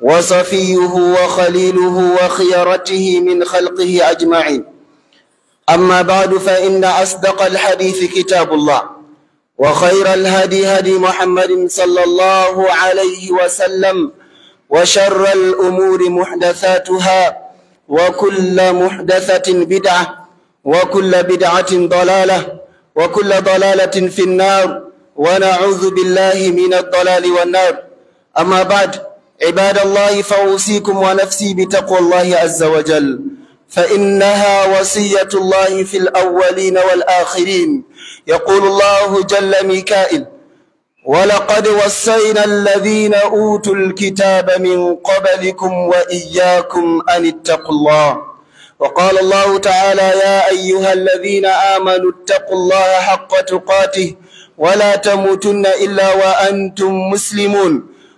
وصفيه وخليله وخيرته من خلقه أجمعين أما بعد فإن أصدق الحديث كتاب الله وخير الهدي هدي محمد صلى الله عليه وسلم وشر الأمور محدثاتها وكل محدثة بدعة وكل بدعة ضلالة وكل ضلالة في النار ونعوذ بالله من الضلال والنار أما بعد عباد الله فأوصيكم ونفسي بتقوى الله عز وجل فإنها وصية الله في الأولين والآخرين يقول الله جل ميكائل ولقد وصينا الذين أوتوا الكتاب من قبلكم وإياكم أن اتقوا الله وقال الله تعالى يا أيها الذين آمنوا اتقوا الله حق تقاته ولا تموتن إلا وأنتم مسلمون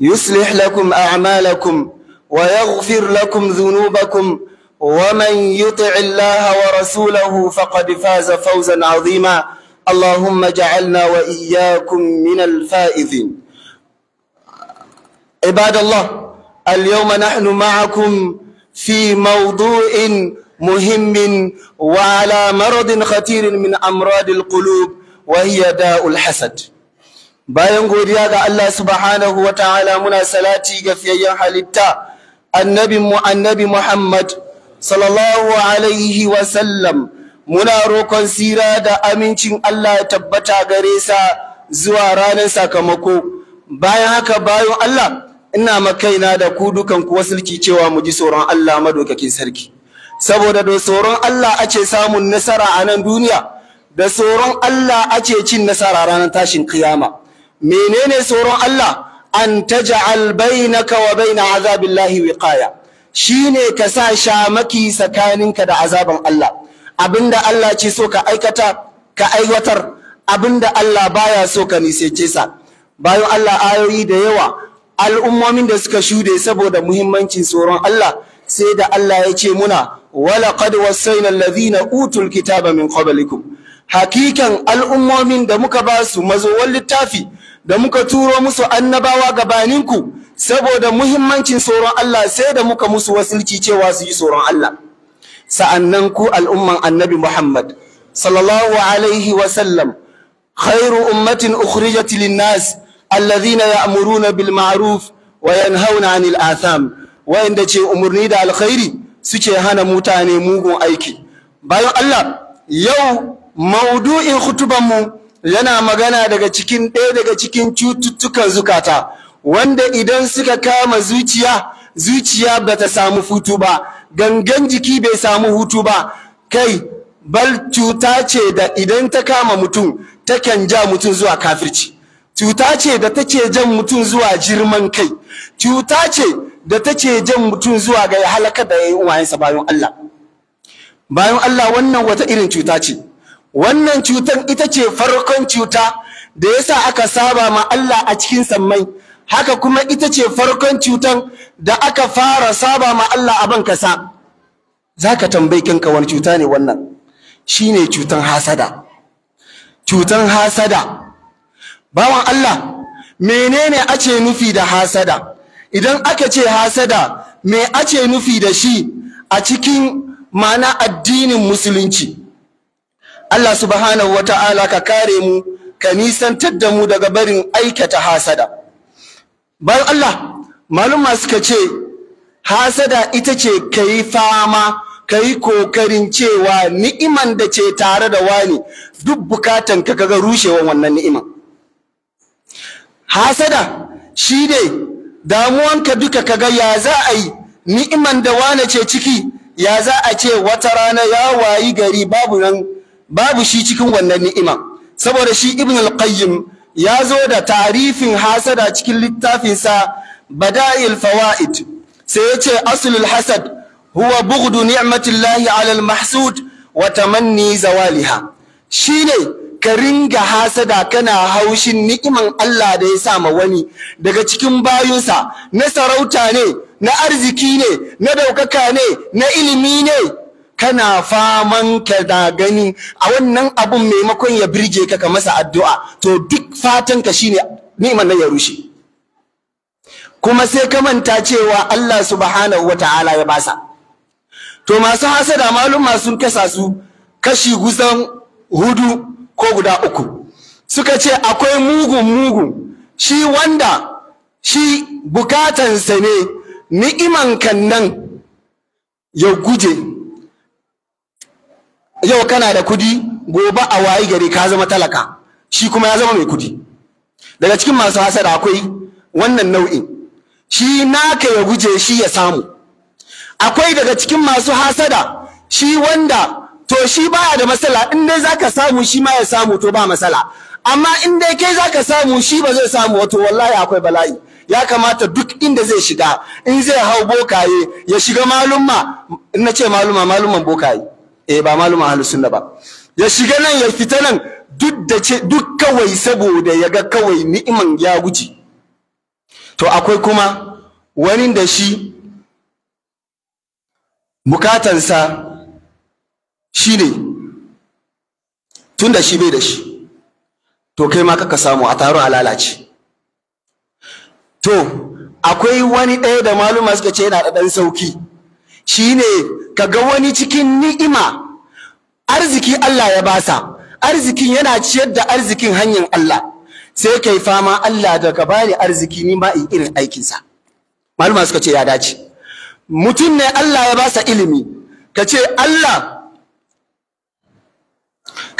يصلح لكم أعمالكم ويغفر لكم ذنوبكم ومن يطع الله ورسوله فقد فاز فوزا عظيما اللهم اجعلنا وإياكم من الفائزين عباد الله اليوم نحن معكم في موضوع مهم وعلى مرض خطير من أمراض القلوب وهي داء الحسد bayan godiya ga Allah subhanahu wa ta'ala muna salati ga fiyayyen halitta annabinmu annabi Muhammad sallallahu alaihi wa sallam muna rokon sira da amincin Allah ya tabbata gare sa zuwa ranar sakamako bayan haka bayan Allah ina makaina da ku dukan ku wasulki cewa mu ji tsoron Allah madaukakin sarki saboda da tsoron Allah ace samun nasara a nan duniya da tsoron Allah ace cin nasara ranar tashin kiyama menene tsoron Allah an taj'al bainaka wa baina azabillahi wiqaya shine ka sa shamaki tsakaninka da azaban Allah abinda Allah ce so ka aikata ka aiwatar abinda Allah baya so ka nisece sa bayan Allah ayoyi da yawa al'ummomin da suka shude saboda muhimmancin tsoron Allah sai da Allah ya ce muna walaqad wasaina alladhina utul kitaba min qablikum hakikan al'ummomin da muka ba su mazowar littafi da muka turo musu annabawa gabaninku saboda muhimmancin tsoron Allah sai da muka musu wasilci cewa su yi tsoron Allah sa'annan ku al'umman annabi Muhammad sallallahu alaihi wa sallam khairu ummatin ukhrijat lin-nas alladhina ya'muruna bil ma'ruf wa yanhauna 'anil atham wayanda ce umarni da alkhairi suke hana mutane mugun aiki bayan Allah yau maudu'in mu yana magana daga cikin ɗaya daga cikin cututtukan zukata wanda idan suka kama zuciya zuciya bata samu hutu ba gangan jiki bai samu hutu ba kai bal cuta ce da idan ta kama mutum takan ja mutum zuwa kafirci cuta ce da take jan mutum zuwa girman kai cuta ce da take jan mutum zuwa ga halaka da yi uwayensa bayan Allah bayan Allah wannan wata irin cuta ce wannan cutan ita ce farkon cuta da yasa aka saba ma Allah a cikin sammai haka kuma ita ce farkon cutan da aka fara saba ma Allah a ban kasa ka tambayi kanka wani cuta ne wannan shine cutan hasada cutan hasada bawan Allah menene ace nufi da hasada idan aka ce hasada me ace nufi da shi a cikin ma'ana addinin musulunci Allah subhanahu ta'ala ka kare mu ka nisantar da mu daga barin aikata hasada bayan Allah maluma suka ce hasada ita ce ka yi fama ka yi kokarin cewa ni'iman da ce tare da wani duk bukatan ka kaga rushewan wannan ni'iman hasada shi ne damuwanka duka kaga ya za a yi ni'iman da wane ce ciki ya za a ce wata rana ya wayi gari babu nan babu shi cikin wannan ni'ima saboda shi ibn al-qayyim ya zo da tarifin hasada cikin littafinsa bada'il fawaid sai ya ce aslul hasad huwa bughdu ni'matillahi 'ala al-mahsud wa tamanni zawaliha shine ka ringa hasada kana haushin ni'iman Allah da ya sa ma wani daga cikin bayunsa na sarauta ne na arziki ne na daukaka ne na ilimi ne kana faman ka da gani a wannan abun maimakon ya birge ka ka masa addu'a to duk fatan ka shine niman nan ya rushe kuma sai ka manta cewa Allah subhanahu wata'ala ya basa to masu hasada malum sun kasa su kashi gusan hudu ko guda uku suka ce akwai mugun mugun shi wanda shi bukatansa ne ni'iman kan nan ya guje yau kana da kudi gobe a wayi gari ka zama talaka shi kuma ya zama mai kudi daga cikin masu hasada akwai wannan nau'in shi naka ya guje shi ya samu akwai daga cikin masu hasada shi wanda to shi baya da matsala in dai zaka samu shi ma ya samu to ba matsala amma in dai kai zaka samu shi ba zai samu wato wallahi akwai bala'i ya kamata duk inda zai shiga in zai hau bokaye ya shiga malumma in na ce malumma, malumman bokaye eh ba malumin ahlus sunna ba ya shiga nan ya fita nan duk da ce duk kawai saboda ya ga kawai ni'iman ya guji to akwai kuma wani da shi bukatansa shine tun da shi bai da shi to kai ma kaka samu a a lalace. to akwai wani ɗaya da maluma suka ce yana da ɗan sauki shine kaga wani cikin ni'ima arziki Allah ya basa arzikin yana ciyar da arzikin hanyar Allah sai kai fama Allah da ka bani arziki ni ma in irin aikinsa maluma suka ce ya dace mutum ne Allah ya basa ilimi ka ce Allah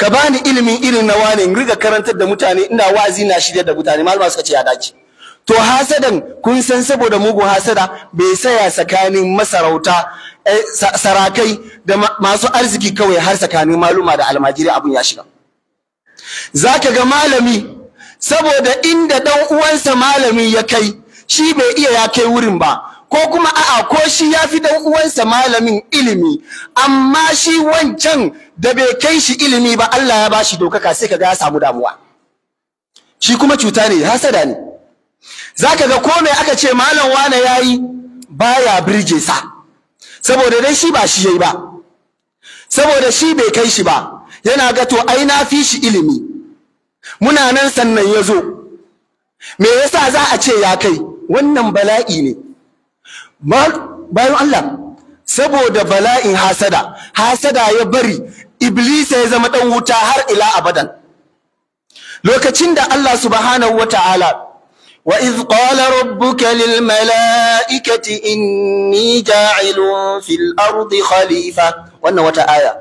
ka bani ilimin irin na wane in riga karantar da mutane ina wazi na shirya da mutane maluma suka ce ya dace to hasadan kun san saboda mugun hasada bai saya tsakanin masarauta eh, sarakai da masu arziki kawai har tsakanin maluma da almajiri abun ya shiga zaka ga malami saboda inda dan uwansa malami ya kai shi bai iya ya kai wurin ba ko kuma a'a ko shi ya fi dan uwansa malamin ilimi amma shi wancan da bai kai shi ilimi ba Allah ya bashi dokaka sai kaga ya samu damuwa shi kuma cuta ne hasada ne zaka ga ko mai aka ce malam wane yayi baya birge sa saboda dai shi ba shi yayi ba saboda shi bai kai shi ba yana ga to ai na fi shi ilimi muna nan sannan ya zo me yasa za a ce ya kai wannan bala'i ne bayan Allah saboda bala'in hasada hasada ya bari iblisa ya zama dan wuta har ila abadan lokacin da Allah subhanahu wataala وإذ قال ربك للملائكة إني جاعل في الأرض خليفة وأنه آية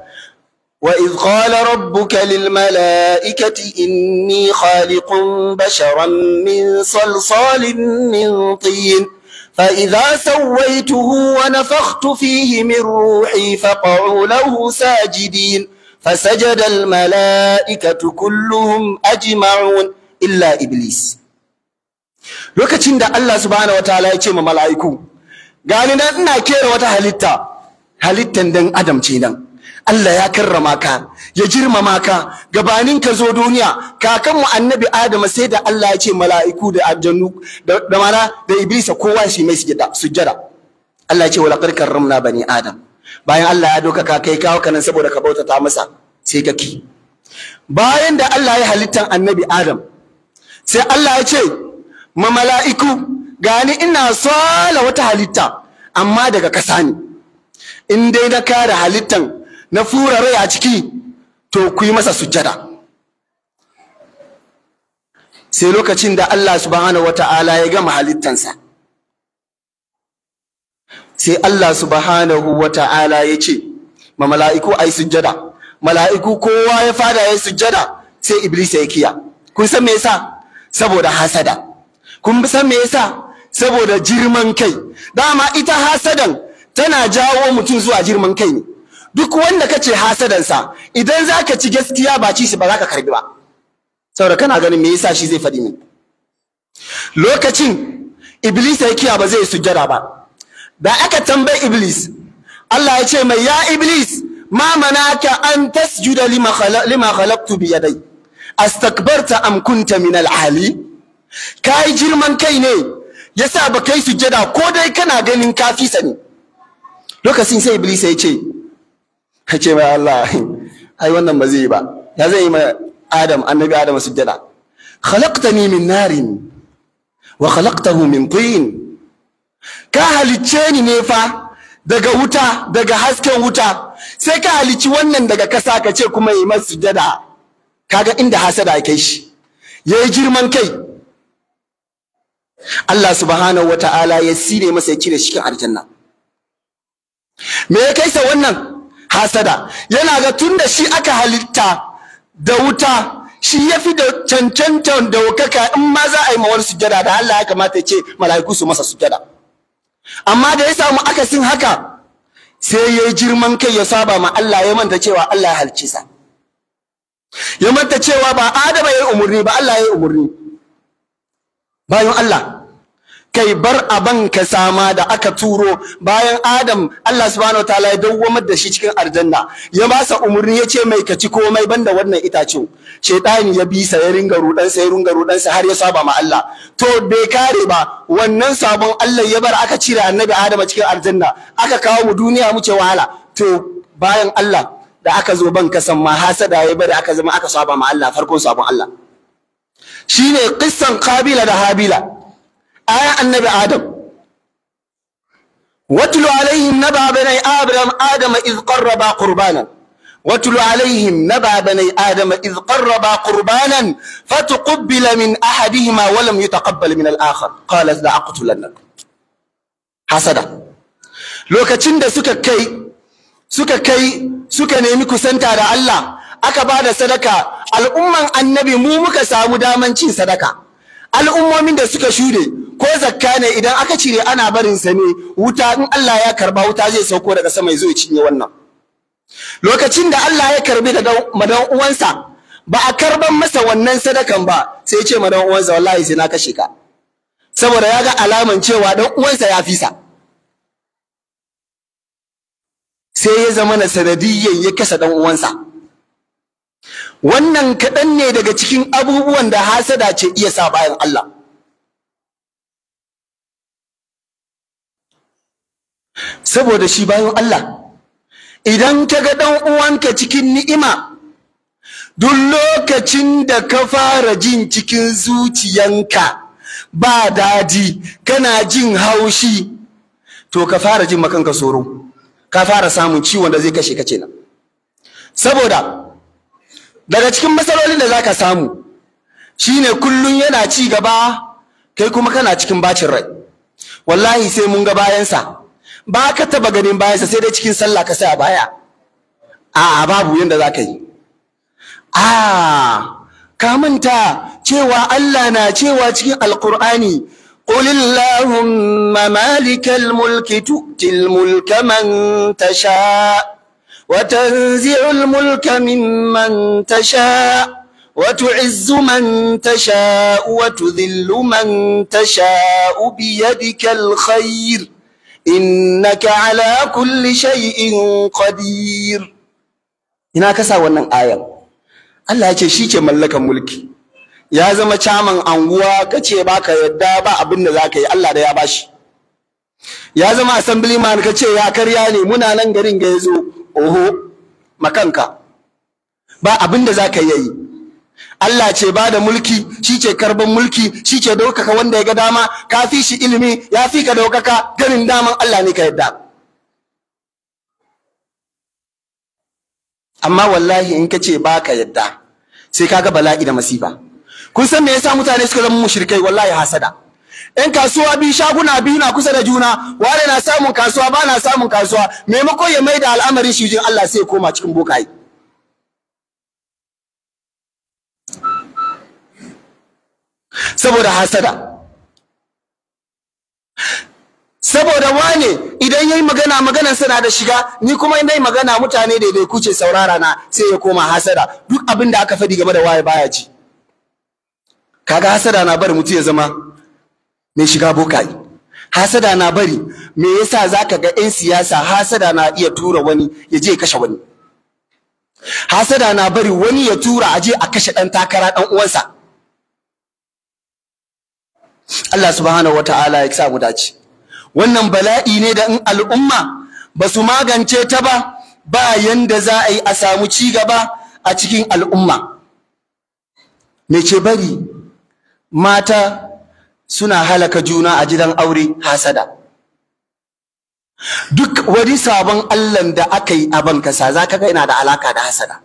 وإذ قال ربك للملائكة إني خالق بشرا من صلصال من طين فإذا سويته ونفخت فيه من روحي فقعوا له ساجدين فسجد الملائكة كلهم أجمعون إلا إبليس lokacin da Allah subhanahu wataala ya ce ma mala'iku gani nan ina kera wata halitta halittan dan adam ce nan Allah ya karrama ka ya girmama ka gabanin ka zo duniya kakanmu annabi Adam sai da Allah ya ce mala'iku da aljannu da mana da Ibisa kowa shi mai sujjada Allah ya ce wala qad karramna bani Adam bayan Allah ya doka ka kai kawo kanan saboda ka bautata masa sai ka bayan da Allah ya halittan annabi Adam sai Allah ya ce ma mala'iku gani ina sola wata halitta amma daga ƙasa ne in dai na kare halittan na fura rai a ciki to ku yi masa sujjada sai lokacin da Allah subhanahu wata'ala ya gama halittansa sai Allah subhanahu wata'ala ya ce ma mala'iku ai sujjada mala'iku kowa ya fada ya sujjada sai iblis ya kiya kun san me yasa saboda hasada kun bi san me yasa saboda girman kai dama ita hasadan tana jawo mutum zuwa girman kai ne duk wanda kace sa, idan zaka ci gaskiya ba ci shi ba zaka karbi ba saboda kana ganin me yasa shi zai faɗi min lokacin iblis ya kiya ba zai sujjada ba da aka tambayi iblis Allah ya ce mai ya iblis ma manaka an tasjuda lima khalaqtu bi yadai astakbarta am kunta min al-ali ka yi girman kai ne yasa ba kai sujada, ko dai kana ganin ka fi sani lokacin sai iblis ya ce ka ce mai Allah ai wannan ba zai yi ba ya zai yi ma adam annabi adam sujada khalaqtani min narin wa khalaqtahu min tin ka halicce ni ne fa daga wuta daga hasken wuta sai ka halicci wannan daga kasa ka ce kuma yi masa sujada kaga inda hasada kai shi yayi girman kai Allah subhanahu wa ta'ala ya sire masa ya cire shi cikin aljanna me ya kaisa wannan hasada yana ga tunda shi aka halitta da wuta shi ya fi da cancantan wukaka, in ma za a yi mawar sujada da Allah ya kamata ya ce mala'iku su masa sujada amma da ya samu akasin haka sai ya yi girman kai ya saba ma Allah ya manta cewa Allah ya halice sa ya manta cewa ba Adama ya yi umurni ba Allah ya yi umurni bayan Allah kai bar aban ka sama da aka turo bayan Adam Allah subhanahu wataala ya dawwamar da shi cikin aljanna ya masa umarni ya ce mai kaci komai banda wannan itace shaytani ya bi sa ya ringa rudan sa ya ringa rudan sa har ya saba ma Allah to bai kare ba wannan sabon Allah ya bar aka cire annabi Adam cikin aljanna aka kawo mu duniya mu ce wahala to bayan Allah da aka zo ban kasan ma hasada ya bari aka zama aka saba ma Allah farkon sabon Allah Shi ne kissan ƙabila da habila aya annabi adam watlu alaihim na babanai abram adama iz qarraba qurbanan watlu alaihim naba bani adama iz qarraba qurbanan fatuqbila min ahadihima wa lam yutaqabbal min al-akhar qala la aqtulannak hasada lokacin da suka kai suka kai suka nemi kusanta da Allah aka ba da sadaka al'umman annabi mu muka samu daman cin sadaka al'ummomin da suka shude ko zakka ne idan aka cire ana barin sa ne wuta in Allah ya karba wuta zai sauko daga sama zai cinye wannan lokacin da Allah ya karbi da madan uwansa ba a karban masa wannan sadakan ba sai ya ce madan uwansa wallahi sai na kashe ka saboda ya ga alaman cewa dan uwansa ya fisa sai ya zama na sanadiyyan ya kasa dan uwansa wannan kaɗan ne daga cikin abubuwan da hasada ce iya sa bayan Allah saboda shi bayan Allah idan ka ga ɗan uwanka cikin ni'ima duk lokacin da ka fara jin cikin zuciyanka ba daji kana jin haushi to ka fara jin makanka tsoro ka fara samun ciwon da zai kashe ka cena. saboda daga cikin matsalolin da zaka samu shine kullum yana ci gaba kai kuma kana cikin bacin rai wallahi sai mun ga bayansa ba ka taba ganin bayansa sai dai cikin sallah ka sai a baya a'a babu yanda zaka yi a ka manta cewa Allah na cewa cikin Alkur'ani: قل اللهم مالك الملك تؤتي الملك من تشاء وتنزع الملك ممن تشاء وتعز من تشاء وتذل من تشاء بيدك الخير إنك على كل شيء قدير ina kasa wannan ayan Allah ce shi ke mallakan mulki ya zama caman anguwa kace baka yadda ba abin da zaka yi Allah da ya bashi ya zama assemblyman kace ya karya ne muna nan garin ga yazo oho makanka ba abin da za ka yi Allah ce ba da mulki shi ce karban mulki shi ce daukaka wanda ya ga dama ka fi shi ilimi ya fi ka daukaka ganin daman Allah ne ka yadda amma wallahi in ka ce ba ka yadda sai kaga bala'i da masifa kun san me yasa mutane suka zama mushrikai wallahi hasada yan kasuwa biyu shaguna biyu na kusa da juna wane na samun kasuwa ba na samun kasuwa maimakon ya mai da al'amarin shi jin Allah sai ya koma cikin bokaye saboda hasada saboda wane idan yayi magana maganar na da shiga ni kuma in dai magana mutane daidai kuce saurara na sai ya koma hasada duk abin da aka faɗi game da waye baya ji kaga hasada na bar mutu ya zama mai shiga bokaye hasada na bari me yasa zaka ga 'yan siyasa hasada na iya tura wani ya je kashe wani hasada na bari wani ya tura a je a kashe ɗan takara ɗan uwansa Allah subhanahu wata'ala ya sa mu dace wannan bala'i ne da in al'umma ba su magance ta ba ba yanda za a yi a samu ci gaba a cikin al'umma me ce bari mata suna halaka juna a gidan aure hasada duk wani sabon Allah da aka yi a kasa za ka ga ina da alaka da hasada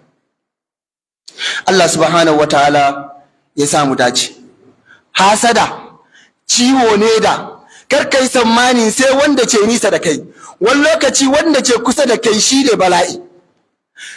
Allah subhanahu wataala ya samu dace hasada ciwo ne da kar yi tsammani sai wanda ce nisa da kai wani lokaci wanda ce kusa da kai shi ne bala'i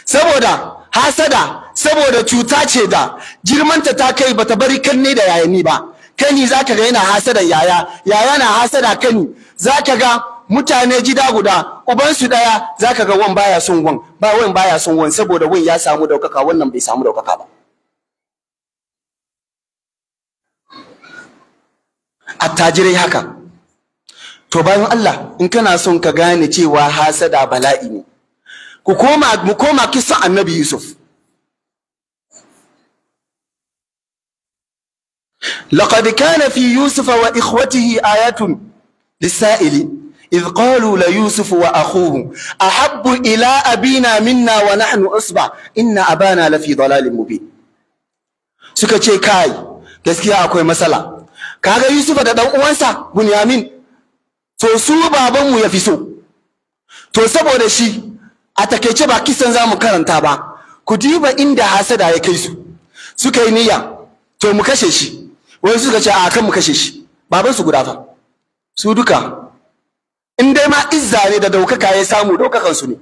saboda hasada saboda cuta ce da girmanta ta kai bata bari kanne da yayani ba kani zaka ga yana hasada yaya yaya na hasada kani zaka ga mutane gida guda ubansu daya zaka ga wan baya son wan ba wan baya son wan saboda wan ya samu daukaka wannan bai samu daukaka ba attajirai haka to bayan Allah in kana son ka gane cewa hasada bala'i ne ku koma mu koma kisan annabi Yusuf لقد كان في يوسف وإخوته آيات للسائل إذ قالوا ليوسف وأخوه أحب إلى أبينا منا ونحن أصبع إن أبانا لفي ضلال مبين suka ce kai gaskiya akwai matsala kaga Yusufa da dan uwansa Bunyamin Tosu babanmu ya fi so to saboda shi a takeice ba kisan zamu karanta ba ku diba inda hasada ya kai su suka yi niyya to mu kashe shi wai suka ce a kan mu kashe shi baban su guda fa su duka in dai ma izza ne da daukaka ya samu daukakan su ne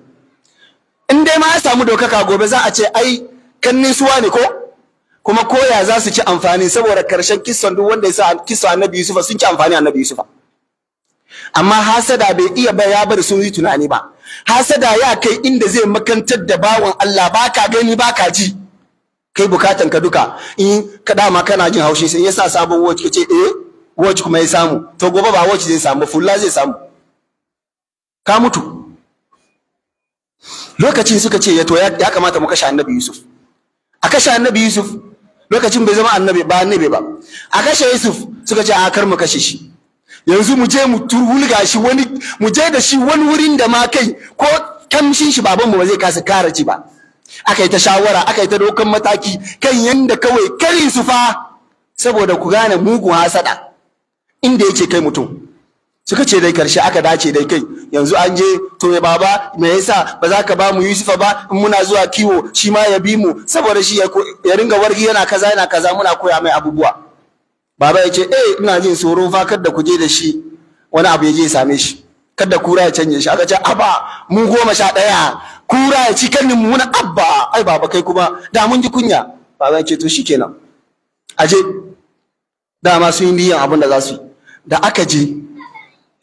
in dai ma ya samu daukaka gobe za a ce ai kannin suwa ne ko kuma koya za su ci amfani saboda karshen kissan duk wanda ya sa kissan annabi yusufa sun ci amfani annabi yusufa amma hasada bai iya ba ya bar sun yi tunani ba hasada ya kai inda zai makantar da bawan Allah baka gani baka ji kai bukatan ka duka in ka dama kana jin haushi sai yasa sabon watch kace eh watch kuma ya samu to gobe ba watch zai samu fulla zai samu ka mutu lokacin suka ce ya to ya kamata mu kashe annabi Yusuf a kashe annabi Yusuf lokacin bai zama annabi ba annabi ba a kashe Yusuf suka ce a kar mu kashe shi yanzu mu je mu turhulga shi wani mu je da shi wani wurin da ma kai ko kamshin shi baban mu ba zai kasa karaci ba aka yi ta shawara aka yi ta dokan mataki kan yanda kawai kari su fa saboda ku gane mugun hasada inda yake kai mutum suka ce dai karshe aka dace dai kai yanzu an je to ya baba me yasa ba za ka ba mu Yusufa ba in muna zuwa kiwo shi ma ya bi mu saboda shi ya ringa wargi yana kaza yana kaza muna koya mai abubuwa baba ya ce eh ina jin tsoro fa kada ku je da shi wani abu ya je ya same shi kada kura ya canje shi aka ce aba mu goma sha daya kura ya ci karnin mu na abba ai baba kai kuma da mun ji kunya baba ce to shikenan aje dama sun yi niyan abin da za su da aka je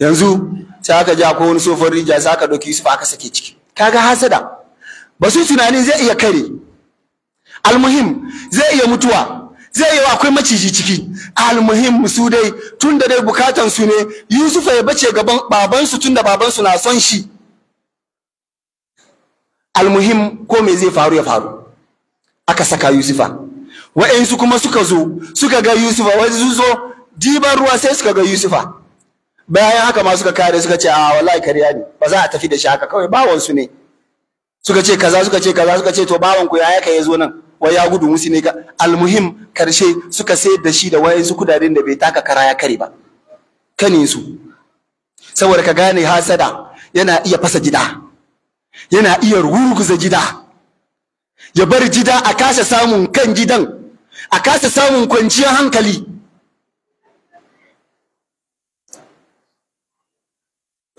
yanzu sai aka ja ko wani sofar rija sai aka ɗauki Yusuf aka sake ciki kaga hasada ba su tunanin zai iya kare almuhim zai iya mutuwa zai iya akwai maciji ciki almuhim su dai tun da dai bukatan su ne Yusuf ya bace gaban babansu tun da babansu na son shi almuhim ko me zai faru ya faru aka saka yusufa wa'insu kuma suka zo suka ga yusufa wani su zo diban ruwa sai suka ga yusufa bayan haka ma suka kare suka ce a wallahi kariya ne ba za a tafi da shi haka kawai bawan su ne suka ce kaza suka ce kaza suka ce to bawan ku yaya kai ya zo nan wa ya gudu musu ne ka almuhim karshe suka sayar da shi da su kudaden da bai taka kara ya kare ba kanin su saboda ka gane hasada yana iya fasa gida yana iya ruguza gida ya bar gida a kasa samun kan gidan a kasa samun kwanciyar hankali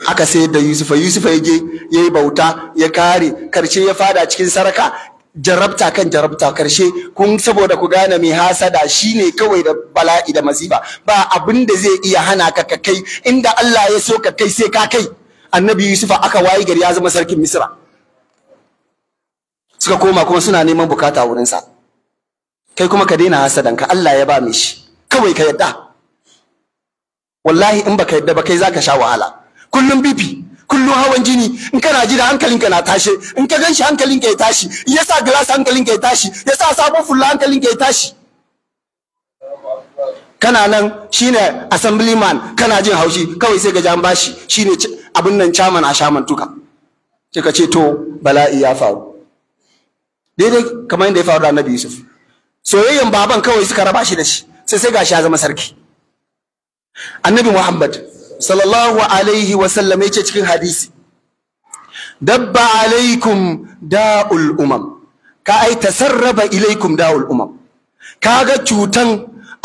aka sayar da yusufa yusufa ya je ya yi bauta ya kare karshe ya fada cikin saraka jarabta kan jarabta karshe kun saboda ku gane mai hasada shi ne kawai da bala'i da masifa ba abin da zai iya hana ka kai inda Allah ya so ka kai sai ka kai annabi yusufa aka wayi gari ya zama sarkin misra suka koma kuma suna neman bukata wurin wurinsa kai kuma ka daina hasadan ka allah ya ba shi. kawai ka yadda wallahi in baka yadda ba kai zaka sha wahala kullum bibi kullum hawan jini in kana ji da hankalinka na tashe in ka ganshi hankalinka ya tashi yasa gilas hankalinka ya tashi yasa sabon fulla hankalinka ya tashi kana nan shine assemblyman kana jin haushi kawai sai ga jan bashi shine abin nan caman a shaman tuka kika ce to bala'i ya faru daidai kamar yadda ya faru da annabi yusuf soyayyen baban kawai suka raba shi da shi sai sai gashi ya zama sarki annabi muhammad sallallahu alaihi wa sallam yace cikin hadisi dabba alaikum da'ul umam ka ai tasarraba ilaikum da'ul umam kaga cutan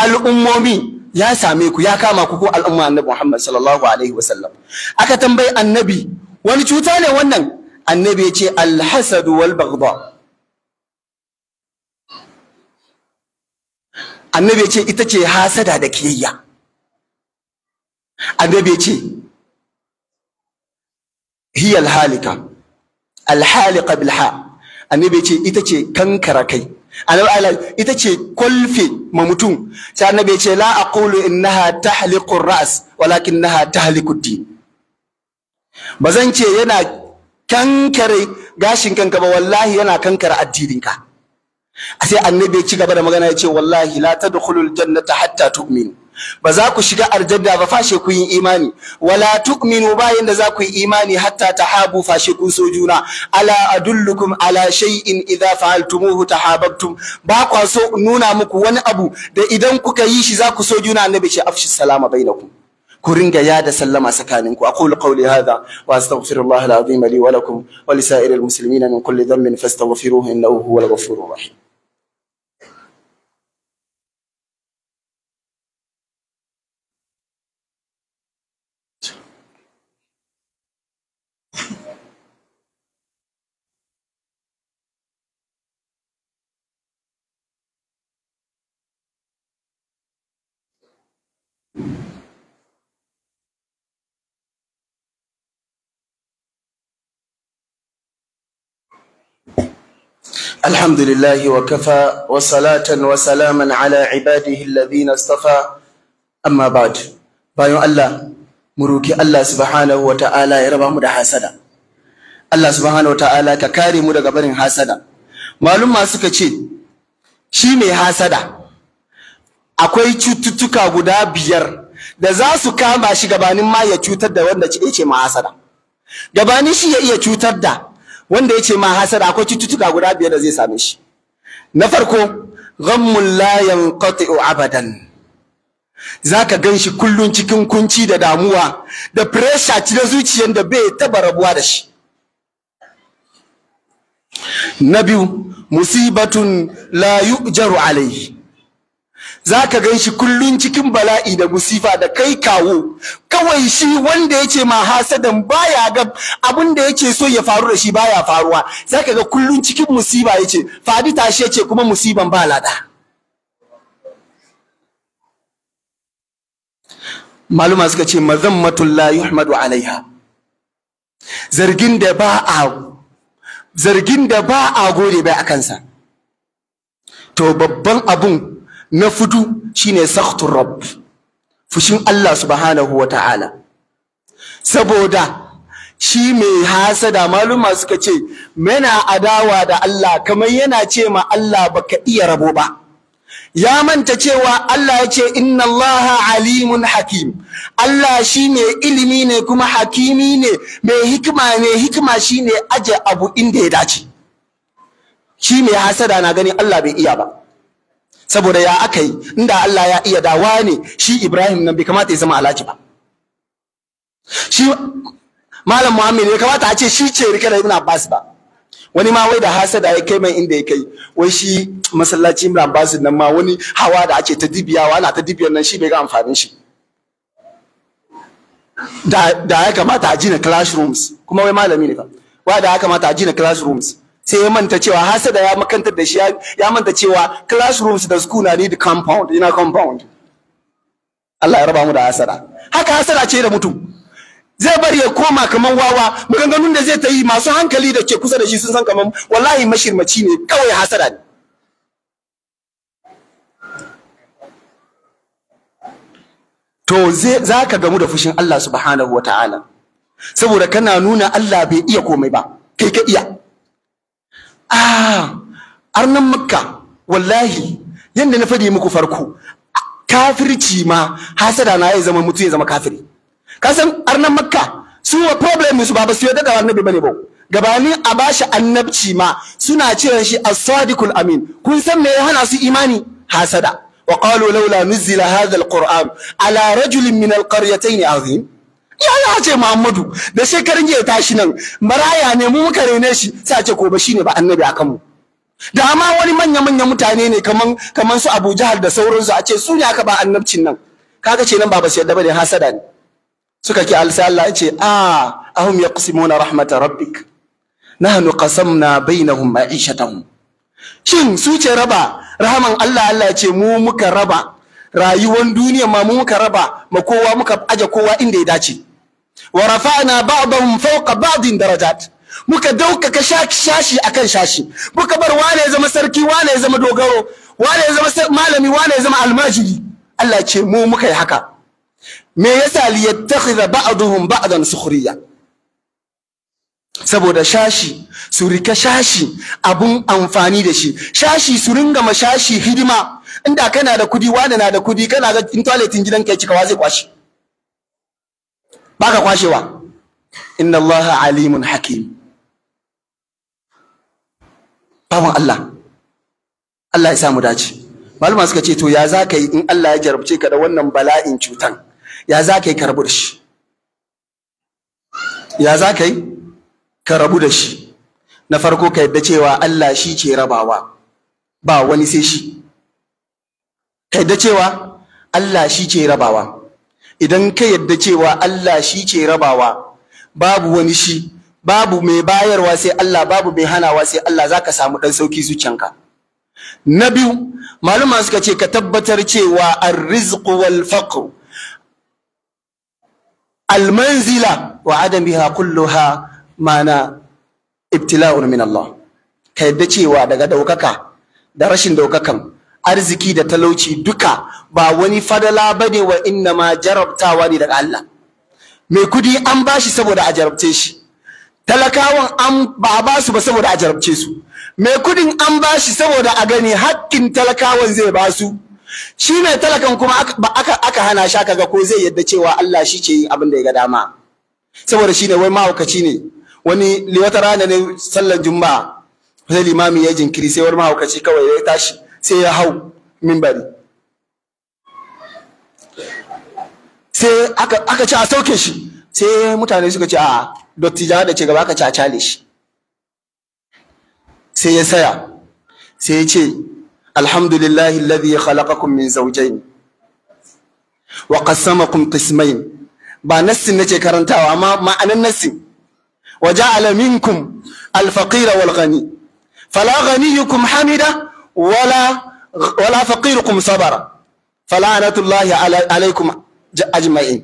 al'ummomi ya same ku ya kama ku ko al'umma annabi Muhammad sallallahu alaihi wasallam aka tambayi annabi wani cuta ne wannan annabi ya ce alhasad wal baghdha annabi ya ce ita ce hasada da kiyayya annabi ya ce hiya alhalika alhalika bilha annabi ya ce ita ce kankara kai ita ce kwalfe ma mutum ta annabi ce la aqulu innaha tahliqu ras walakinnaha tahliqu din ba zan ce yana kankare gashin kanka ba wallahi yana kankare addininka sai annabi ya ci gaba da magana ya ce wallahi la tadkhulul jannata hatta tu'minu ba za ku shiga aljanna ba fashe ku yi imani wala tukminu bayan da za ku yi imani hatta tahabu fashe kun so juna ala adullukum ala shay'in idza fa'altumuhu tahabbtum ba kwa so nuna muku wani abu da idan kuka yi shi za ku so juna annabi ce afshi salama bainakum ku ringa yada sallama tsakaninku aqulu qawli hadha wa astaghfirullaha alazim li wa lakum wa li sa'iril muslimina min kulli dhanbin fastaghfiruhu innahu huwal ghafurur rahim الحمد لله وكفى وصلاة وسلاما على عباده الذين اصطفى أما بعد بايو الله مروكي الله سبحانه وتعالى يربى مدى حسدا الله سبحانه وتعالى ككاري مدى قبر حسدا معلوم ما سكتشي شي مي حسدا akwai cututtuka guda biyar da za su kama shi gabanin ma ya cutar da wanda ce ma hasada gabanin shi ya iya cutar da wanda ya ce ma hasada akwai cututtuka guda biyar da zai same shi na farko ghammun la yanqati'u abadan zaka ganshi kullun cikin kunci da damuwa da pressure ci da zuciyar da bai taba rabuwa da shi na biyu musibatun la yu'jaru alayhi za ka gan shi kullum cikin bala'i da musifa da kai kawo kawai shi wanda ya ce ma hasadan baya ga abin da yake so ya faru da shi baya faruwa za ka ga kullum cikin musiba ya ce fadi tashi ya ce kuma musiban ba lada maluma suka ce mazammatul la yuhmadu alaiha zargin da ba a zargin da ba a gode bai a kansa to babban abun na fudu shine sakhtur rabb fushin Allah subhanahu wa ta'ala saboda shi mai hasada maluma suka ce mana adawa da Allah kamar yana ce ma Allah baka iya rabo ba ya manta cewa Allah ya ce inna Allah alimun hakim Allah shi ne ilimi ne kuma hakimi ne mai hikima ne hikima shi ne aje abu inda ya dace shi mai hasada na gani Allah bai iya ba saboda ya aka yi inda Allah ya iya dawa ne shi Ibrahim nan bai kamata ya zama alhaji ba shi malam Muhammad ya kamata a ce shi ce rike da Ibn Abbas ba wani ma wai da hasada ya kai mai inda ya kai wai shi masallaci Ibn Abbas nan ma wani hawa da ake ta dibiyawa ana ta dibiyar nan shi bai ga amfanin shi da ya kamata a jina classrooms kuma wai malami ne fa wa da ya kamata a jina classrooms sai ya manta cewa hasada ya makantar da shi ya manta cewa classrooms da school na need compound ina compound Allah ya raba mu da hasada haka hasada ce da mutum zai bari ya koma kaman wawa maganganun da zai ta yi masu hankali da ke kusa da shi sun san kaman wallahi mashirmaci ne kawai hasada ne to za ka gamu da fushin Allah subhanahu wa ta'ala saboda kana nuna Allah bai iya komai ba kai ka iya ah arnan makka wallahi yadda na fadi muku farko kafirci ma hasada na ya zama mutu ya zama kafiri kasan arnan makka su wa problem su ba su yadda da annabi bane ba gabanin a bashi annabci ma suna cewa shi as-sadiqul amin kun san me ya hana su imani hasada wa qalu laula nuzila hadha al-qur'an ala rajulin min al-qaryatayn azim ya ya ce Muhammadu da shekarun jiya tashi nan maraya ne mu muka rene shi sai ce ko ba shine ba annabi akan mu da ma wani manya manya mutane ne kaman kaman su Abu Jahal da sauransu a ce su ne aka ba annabcin nan kaga ce nan ba ba su yadda bane hasada ne suka ki alsa Allah ya ce a ah, ahum yaqsimuna rahmat rabbik nahnu qasamna bainahum ma'ishatahum shin su ce raba rahaman Allah Allah ya ce mu muka raba rayuwar duniya ma mu muka raba ma kowa muka aje kowa inda ya dace wa rafa'na ba'dahum fawqa ba'din darajat muka daukaka shashi akan shashi muka bar wane ya zama sarki wane ya zama dogaro wane ya zama malami wane ya zama almajiri Allah ce mu muka yi haka me yasa li yattakhidha ba'dhum ba'dan sukhriya saboda shashi su rika shashi abun amfani da shi shashi su ringa ma shashi hidima inda kana da kudi wane na da kudi kana ga in toiletin gidanka ya cika zai kwashi baka kwashewa inna Allah alimun hakim bawan Allah Allah ya sa mu dace malama suka ce to ya za ka yi in Allah ya jarabce ka da wannan bala'in cutan ya za ka yi ka rabu da shi ya za ka yi ka rabu da shi na farko ka yadda cewa Allah shi ce rabawa ba wani sai shi ka yadda cewa Allah shi ce rabawa idan ka yadda cewa Allah shi ce rabawa babu wani shi babu mai bayarwa sai Allah babu mai hanawa sai Allah za ka samu ɗan sauki zuciyanka na biyu maluma suka ce ka tabbatar cewa ar-rizq wal faqr al-manzila wa adamiha kulluha mana ibtila'un min Allah ka yadda cewa daga daukaka da rashin daukakan arziki da talauci duka ba wani fadala bane wa inna ma jarabtawa ne daga Allah mai kudi an bashi saboda a jarabce shi talakawan an ba ba su ba saboda a jarabce su mai kudin an bashi saboda a gani haƙƙin talakawan zai ba su shi mai talakan kuma aka hana shi aka ga ko zai yadda cewa Allah shi ce abin da ya ga dama saboda shi ne wai mahaukaci ne wani wata rana ne sallar juma'a sai limami ya jinkiri sai wani mahaukaci kawai ya tashi sai ya hau mimbari sai aka ce a sauke shi sai mutane suka ce a dottijawa da ce gaba aka cacale shi sai ya saya sai ya ce alhamdulillahi alladhi khalaqakum min zawjayn wa qassamakum qismayn ba nassin nace karantawa amma ma'anan nassin wa ja'ala minkum al-faqira wal ghani fala ghaniyukum hamida wala wala صبرا sabara الله عليكم ajma'in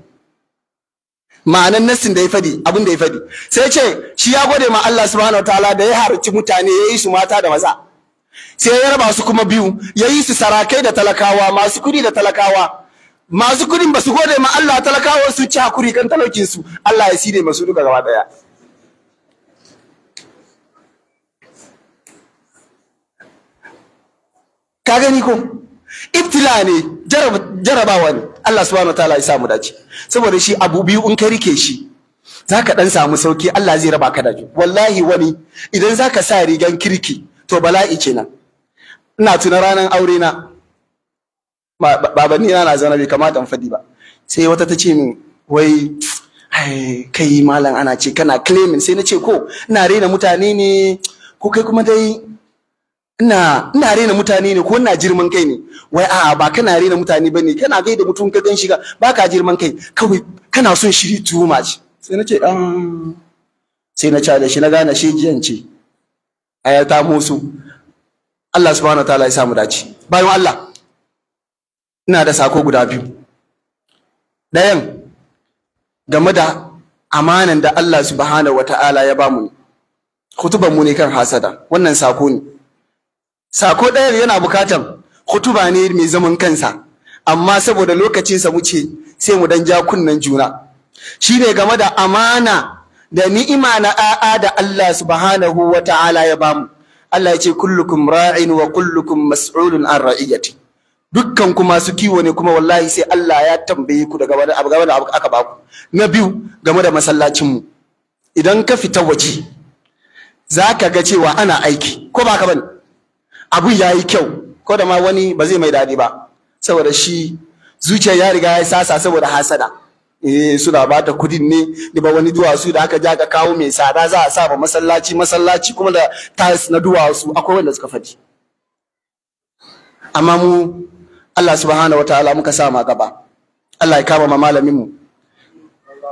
ma'anan nassin da ya fadi abin da ya fadi sai ce shi ya gode ma Allah subhanahu wataala da ya harci mutane ya yi su mata da maza sai ya raba su kuma biyu ya yi su sarakai da talakawa masu kudi da talakawa masu kudin ba su gode ma Allah talakawa su ci hakuri kan talakin su Allah ya sire masu duka gaba daya ka gani ko ibtila ne jarabawa ne Allah subhanahu wataala ya samu dace saboda shi abu biyu in ka rike shi zaka dan samu sauki Allah zai raba ka da wallahi wani idan zaka sa rigan kirki to bala'i kenan ina tuna ranar aure na babanni na zaune bai kamata mu fadi ba sai wata ta ce min wai kai malam ana ce kana claiming sai na ce ko ina rena mutane ne ko kai kuma dai ina ina rena mutane ne ko ina girman kai ne wai a'a ba kana rena mutane bane kana gaida mutum ka gan shiga ba ka girman kai kawai kana son shiri too much sai nace um sai na da shi na gane shi jiyance ce aya ta musu Allah subhanahu wataala ya samu dace bayan Allah ina da sako guda biyu dayan game da amanan da Allah subhanahu wataala ya bamu ne kutubanmu ne kan hasada wannan sako ne sako ɗayar yana bukatan hutuba ne mai zaman kansa amma saboda lokacinsa sa muce sai mu dan ja kunnan juna shi ne game da amana da ni'ima na a'a da Allah subhanahu wa ta'ala ya bamu Allah ya ce kullukum ra'in wa kullukum mas'ulun an ra'iyati dukkan ku masu kiwo ne kuma wallahi sai Allah ya tambaye ku daga wani abu da aka baku na biyu game da masallacin mu idan ka fita waje zaka ga cewa ana aiki ko ba ka bane abu ya yi kyau ko da ma wani ba zai mai daɗi ba saboda shi zuciya ya riga ya sasa saboda hasada eh suna ba ta kudin ne da ba wani duwatsu da aka ja ka kawo mai sada za a sa ba masallaci masallaci kuma da tiles na duwatsu akwai wanda suka faɗi amma mu Allah subhanahu wataala muka sa ma gaba Allah ya kama ma malamin mu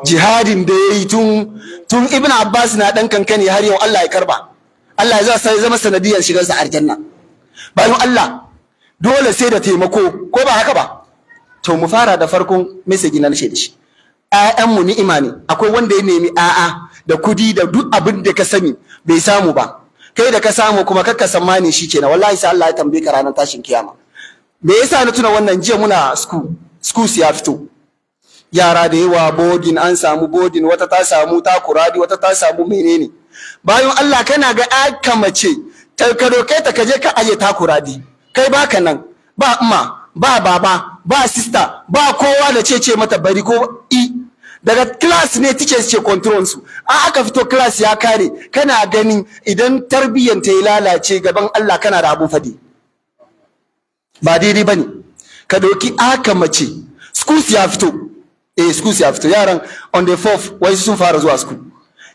jihadin da yayi tun tun Ibn Abbas na dan kankani har yau Allah ya karba Allah ya zama sanadiyar shigar sa aljanna bayan Allah dole sai da taimako ko ba haka ba to mu fara da farkon message na shi da shi mu ni'ima ne akwai wanda ya nemi a'a da kudi da duk abin da ka sani bai samu ba kai da ka samu kuma kakka sammani shi kenan wallahi sai Allah ya tambaye ka ranar tashin kiyama me yasa na tuna wannan jiya muna school school ya fito yara da yawa bodin an samu bodin wata ta samu ta kuradi wata ta samu menene bayan Allah kana ga aka mace Eh, ka doke ta kaje ka aje ta kuradi kai baka nan ba umma ba baba ba sista ba kowa da ce ce mata bari ko i daga class ne teachers ce control su a aka fito class ya kare kana gani idan tarbiyyar ta yi lalace gaban Allah kana da abun fadi ba daidai bane ka doki aka mace schools ya fito eh schools ya fito yaran on the fourth wai sun fara zuwa school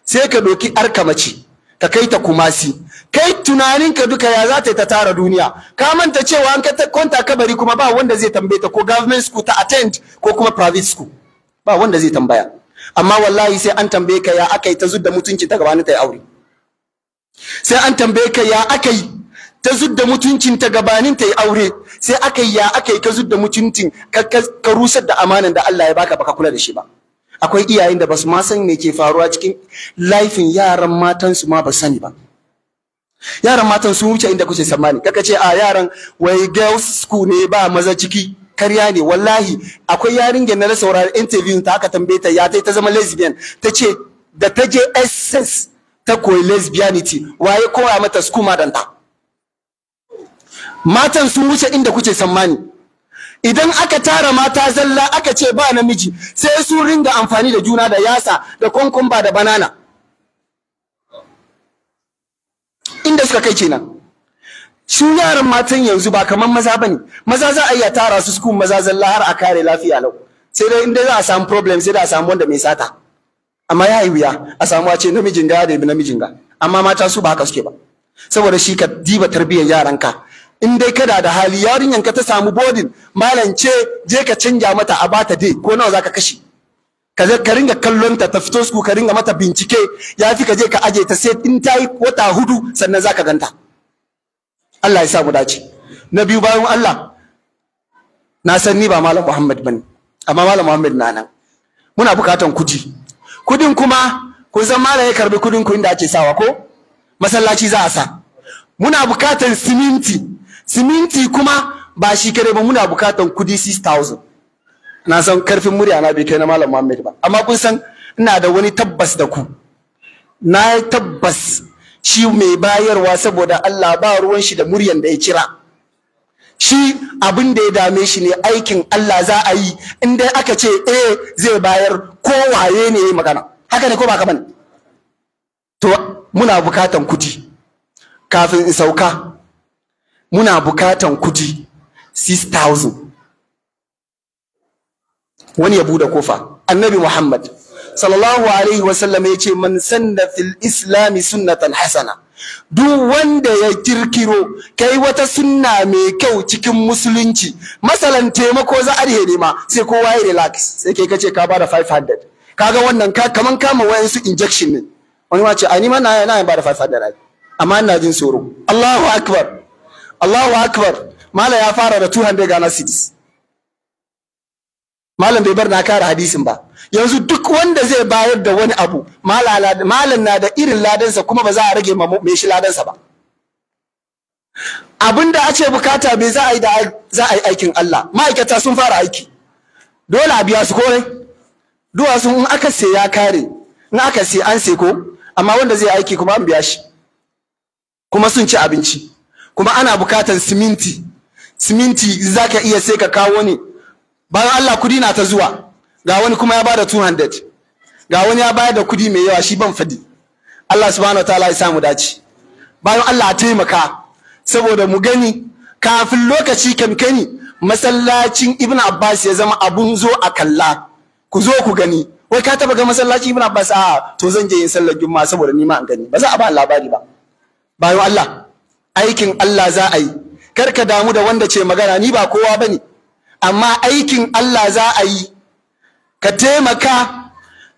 sai ka doki arka mace ka kai ta kumasi kai tunaninka duka ya za ta yi ta tara duniya ka manta cewa an ka kwanta kabari kuma ba wanda zai tambaye ta ko government school ta attend ko kuma private school ba wanda zai tambaya amma wallahi sai an tambaye ka ya aka yi ta zudda mutunci ta gabanin ta yi aure sai an tambaye ka ya aka yi ta zudda mutuncin ta gabanin ta yi aure sai aka yi ya aka yi ka zudda mutuncin ka rusar da amanan da Allah ya baka baka kula da shi ba akwai iyayen da basu ma san me ke faruwa cikin laifin yaran matan su ma ba sani ba yaran matan sun wuce inda kuke tsammani kaka ce a yaran wai girls school ne ba maza ciki karya ne wallahi akwai yarinyar na saurari interview ta aka tambaye ta ya ta ta zama lesbian ta ce da ta je SS ta koyi lesbianity waye koya mata school madanta matan sun wuce inda kuke tsammani idan aka tara mata zalla aka ce ba namiji sai su ringa amfani da juna da yasa da kwankwamba da banana inda suka kai kenan su yaran matan yanzu ba kamar maza bane maza za a iya tara su su maza zalla har a kare lafiya lau sai dai in za a samu problem sai da a samu wanda mai sata amma ya yi wuya a samu a namijin ga da namijin ga amma mata su ba haka suke ba saboda shi ka diba tarbiyyar yaranka in dai kada da hali yarinyan ka ta samu bodin malam ce je ka canja mata a bata dai ko nawa zaka kashi ka je ka ringa kallon ta ta fito su ka ringa mata bincike ya fi ka je ka aje ta sai in tayi wata hudu sannan zaka ganta Allah ya sa mu dace na biyu bayan Allah na san ni ba malam Muhammad bane amma malam Muhammad na nan muna bukatan kuji kudin kuma kun san malam ya karbi kudin ku inda ake sawa ko masallaci za a sa muna bukatan siminti siminti kuma ba shi kare ba muna bukatan kudi 6000 na san karfin murya na bai kai na malam Muhammad ba amma kun san ina da wani tabbas da ku na tabbas shi mai bayarwa saboda Allah ba ruwan shi da muryan da ya kira shi abin da ya dame shi ne aikin Allah za a yi in dai aka ce eh zai bayar ko waye ne ya magana haka ne ko ba ka bane to muna bukatan kudi kafin in sauka muna bukatan kudi 6000 wani ya bude kofa annabi muhammad sallallahu alaihi wasallam ya ce man sanda fil islami sunnatan hasana duk wanda ya kirkiro kai wata sunna mai kyau cikin musulunci masalan taimako za a rihe ma sai kowa ya relax sai kai kace ka bada 500 kaga wannan ka kaman kama wayansu injection ne wani ma ce a ni ma na na bada 500 amma ina jin tsoro Allahu akbar Allahu akbar mala ya fara da 200 Ghana cedis malam bai bar na kare hadisin ba yanzu duk wanda zai bayar da wani abu malam na da irin ladansa kuma ba za a rage mai shi ladansa ba abinda da bukata bai za a yi za a yi aikin Allah ma'aikata sun fara aiki dole a biya su ko ne duwa sun in aka sai ya kare in aka sai an sai ko amma wanda zai aiki kuma an biya shi kuma sun ci abinci kuma ana bukatan siminti siminti zaka iya sai ka kawo ne bayan Allah kudi na ta zuwa ga wani kuma ya bada 200 ga wani ya bayar da kudi mai yawa shi ban fadi Allah subhanahu wataala ya samu dace bayan Allah a taimaka saboda mu gani kafin lokaci kankani masallacin Ibn Abbas ya zama abun zo a kalla ku zo ku gani wai ka taba ga masallacin Ibn Abbas a to zan je yin sallar juma'a saboda ni ma an gani ba za a ba labari ba bayan Allah aikin Allah za a yi kar ka damu da wanda ce magana ni ba kowa bane amma aikin Allah za a yi ka taimaka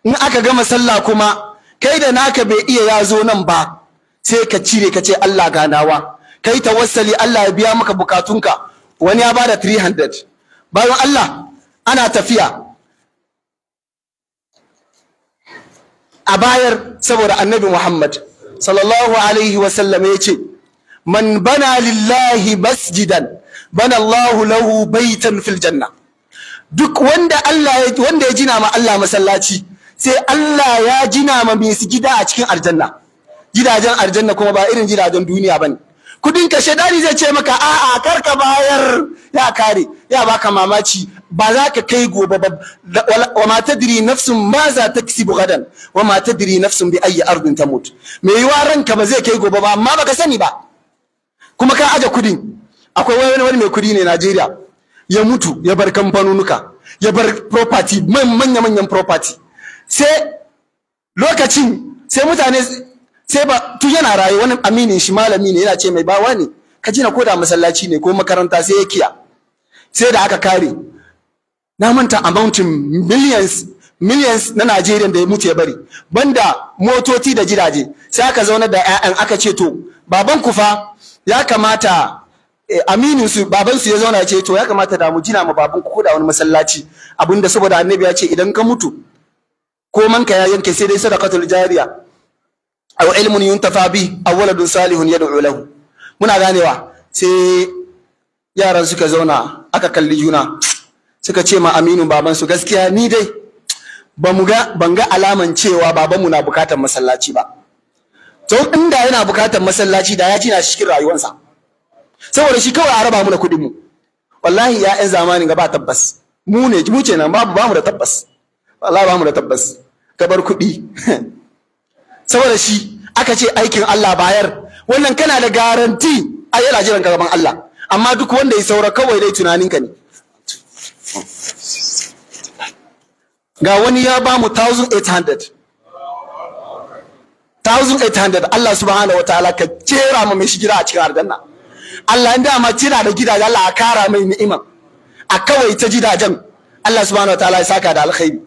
in aka gama sallah kuma kai da naka bai iya ya zo nan ba sai ka cire ka ce Allah ganawa kai tawassali Allah ya biya maka bukatunka wani ya ba da 300 bayan Allah ana tafiya a bayar saboda annabi Muhammad sallallahu alaihi wasallam ya ce man bana lillahi masjidan bana Allahu lahu baitan fil janna duk wanda Allah wanda ya jina ma Allah masallaci sai Allah ya jina ma mai gida a cikin aljanna gidajen aljanna kuma ba irin gidajen duniya bane kudin ka shedani zai ce maka a'a kar ka bayar ya kare ya baka mamaci ba za ka kai gobe ba wa ma tadri nafsun ma za ta kisibu gadan wa ma tadri nafsun bi ayi ardin tamut me yiwa ranka ba zai kai gobe ba amma baka sani ba kuma ka aje kudin akwai wani wani mai kudi ne Najeriya ya mutu ya bar kamfanonuka ya bar property manya manyan property sai lokacin sai mutane sai ba tun yana rayu wani aminin shi malami ne yana ce mai bawa ne ka ji na koda masallaci ne ko makaranta sai ya kiya sai da aka kare na manta amountin millions millions na Najeriya da ya mutu ya bari banda motoci da gidaje sai aka zauna da ƴaƴan aka ce to baban ku fa ya kamata eh, aminin su baban su ya zauna ya ce to ya kamata da mu jina ma baban ku da wani masallaci abinda saboda annabi ya ce idan ka mutu ko manka ya yanke sai dai sadaqatul jariya aw ilmun yuntafa bi aw waladun salihun yad'u lahu muna ganewa sai yaran suka zauna aka kalli juna suka ce ma aminu baban su gaskiya ni dai ba mu ga ban ga alaman cewa babanmu na bukatar masallaci ba so inda yana bukatar masallaci da ya cina shi cikin rayuwarsa saboda shi kawai a raba mu da kuɗin mu wallahi ya ƴan zamanin ga ba tabbas mu ne mu ce nan babu ba mu da tabbas wallahi ba mu da tabbas ka bar kuɗi saboda shi aka ce aikin Allah bayar wannan kana da garanti a yi lajiran gaban Allah amma duk wanda ya saura kawai dai tunaninka ne ga wani ya ba mu 1800 1800 Allah subhanahu ta'ala ka jera mu mai shi gida a cikin ardanna Allah inda ma jira da gidaje Allah a kara mai ni'ima a kawai ta gidajen Allah subhanahu ta'ala ya saka da alkhairi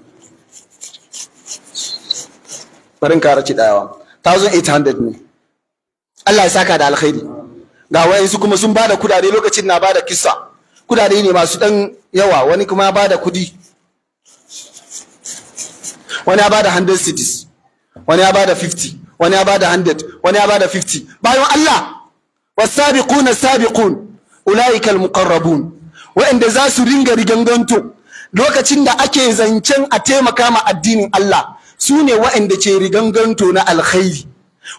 barin kara ci dayawa 1800 ne Allah ya saka da alkhairi ga wayansu kuma sun bada kudade lokacin na bada kissa kudade ne masu dan yawa wani kuma ya bada kudi wani ya bada 100 cities wani ya bada 50 wani ya ba da 100 wani ya ba da 50 bayan Allah wasabiquna sabiqun ulaika almuqarrabun wa'anda za su ringa riganganto lokacin da ake zancen a taimaka ma addinin Allah su ne wa'anda ce riganganto na alkhairi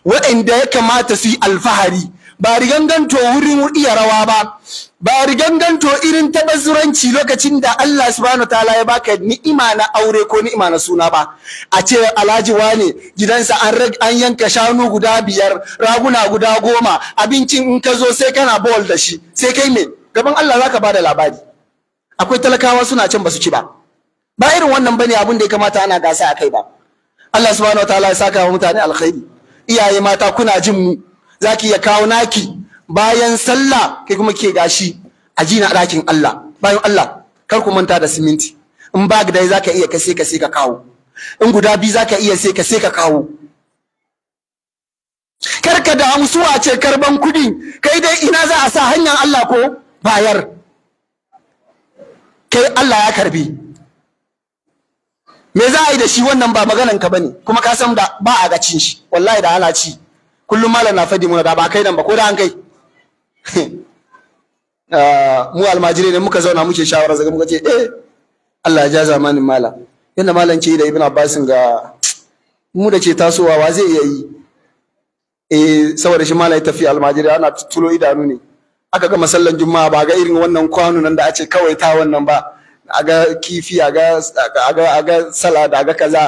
wa'anda ya kamata su yi alfahari ba riganganto wurin iya rawa ba ba riganganto irin tabazzuranci lokacin da Allah subhanahu ta'ala ya baka ni'ima na aure ko ni'ima na suna ba a ce alhaji wane gidansa an an yanka shanu guda biyar raguna guda goma abincin in ka zo sai kana bol da shi sai kai me gaban Allah zaka bada labari akwai talakawa suna can basu ci ba ba irin wannan bane abin da ya kamata ana gasa akai ba Allah subhanahu ta'ala ya saka wa mutane alkhairi iyaye mata kuna jin mu zaki ya kawo naki bayan sallah kai kuma ke gashi a jina ɗakin Allah bayan Allah kar ku manta da siminti in ba dai zaka ka sai ka sai ka kawo in guda biyu zaka iya sai ka sai ka kawo kar ka da a ce karban kudi kai dai ina za a sa hanyar Allah ko bayar kai Allah ya karbi me za a yi da shi wannan ba maganan ka bane kuma ka san da ba a gacin shi wallahi da ana ci kullum malam na fadi muna da ba kai nan ba ko da an kai ah, mu almajiri ne muka zauna muke shawara zaga muka ce eh Allah ya ja zamanin malam yanda malam ce da Ibn Abbas ga mu da ce tasowa wa zai iya yi eh saboda shi malam ya tafi almajiri ana tulo idanu ne aka ga masallan juma'a ba ga irin wannan kwano nan da a ce kawai ta wannan ba a ga kifi a ga salad a ga kaza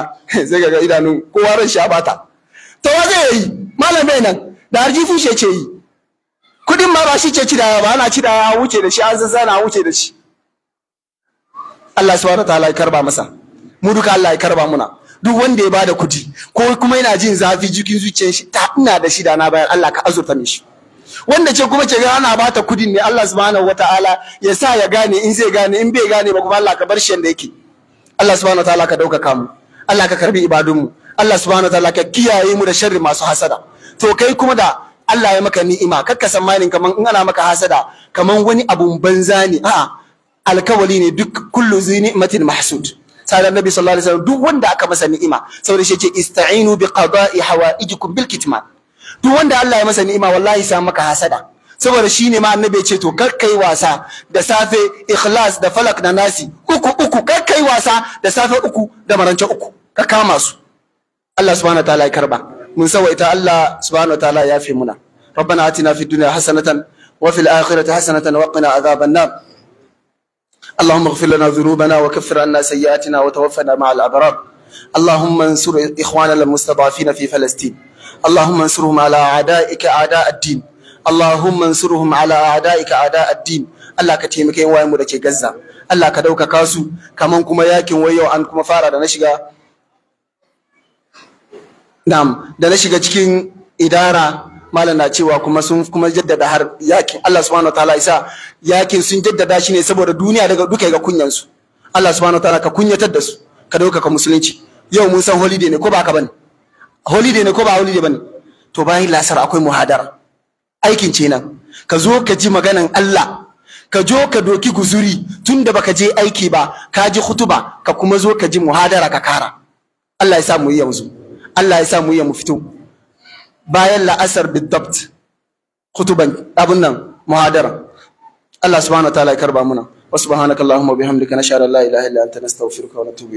zai ga idanun kowa ran shi abata bata to wa zai yi malam bai nan da arjifu shi ce yi kudin ma ba shi ce cidawa ba ana cidawa a wuce da shi an zazzana a wuce da shi Allah subhanahu wataala ya karba masa mu duka Allah ya karba muna duk wanda ya bada kudi ko kuma yana jin zafi jikin zuciyar shi ta ina da shi da na bayar Allah ka azurta mishi. shi wanda ce kuma ce ga ana bata kudin ne Allah subhanahu wataala ya sa ya gane in zai gane in bai gane ba kuma Allah ka bar shi yanda yake Allah subhanahu wataala ka dauka kamu, Allah ka karbi ibadunmu Allah subhanahu wataala ka kiyaye mu da sharri masu hasada to kai kuma da Allah ya maka ni'ima kakka mani kaman in ana maka hasada kaman wani abun banza ne a'a alkawali ne duk kullu zini matin mahsud sai nabi sallallahu alaihi wasallam duk wanda aka masa ni'ima saboda shi ce ista'inu bi qada'i hawaijikum bil kitman duk wanda Allah ya masa ni'ima wallahi sai maka hasada saboda shi ne ma annabi ce to kar yi wasa da safe ikhlas da falak da nasi uku uku kar wasa da safe uku da marance uku ka kama su Allah subhanahu wataala ya karba mun sawaita Allah subhanahu wataala ya fi muna ربنا آتنا في الدنيا حسنة وفي الآخرة حسنة وقنا عذاب النار اللهم اغفر لنا ذنوبنا وكفر عنا سيئاتنا وتوفنا مع الأبرار اللهم انصر إخواننا المستضعفين في فلسطين اللهم انصرهم على أعدائك أعداء الدين اللهم انصرهم على أعدائك أعداء الدين Allah ka taimake wayanmu da ke Gaza Allah ka ɗaukaka su kaman kuma yakin wayo an kuma fara da na shiga na'am da na shiga cikin idara malam na cewa kuma sun kuma jaddada har yakin Allah subhanahu wataala isa yakin sun jaddada shi ne saboda duniya daga duka ga kunyan su Allah subhanahu wataala ka kunyatar da su ka dauka ka musulunci yau mun san holiday ne ko ba ka bane holiday ne ko ba holiday bane to bayan lasar akwai muhadara aikin ce nan ka zo ka ji maganan Allah ka jo ka doki guzuri tun da baka je aiki ba ka ji hutuba ka kuma zo ka ji muhadara ka kara Allah ya sa mu yi yanzu Allah ya sa mu ya mu fito bayan la'asar bidabt kutuban abun nan muhadara Allah subhanahu wa ta'ala ya karba muna wa subhanakallahumma bihamdika nashhadu an la ilaha illa anta nastaghfiruka wa natubu